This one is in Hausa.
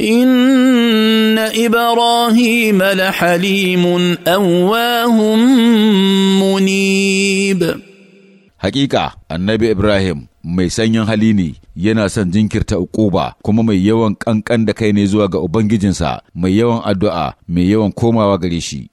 ان ابراهيم لحليم اواه منيب Hakika annabi Ibrahim mai sanyin hali ne yana son jinkirta ukuba kuma mai yawan kankan da kai ne zuwa ga Ubangijinsa mai yawan addu'a mai yawan komawa gare shi.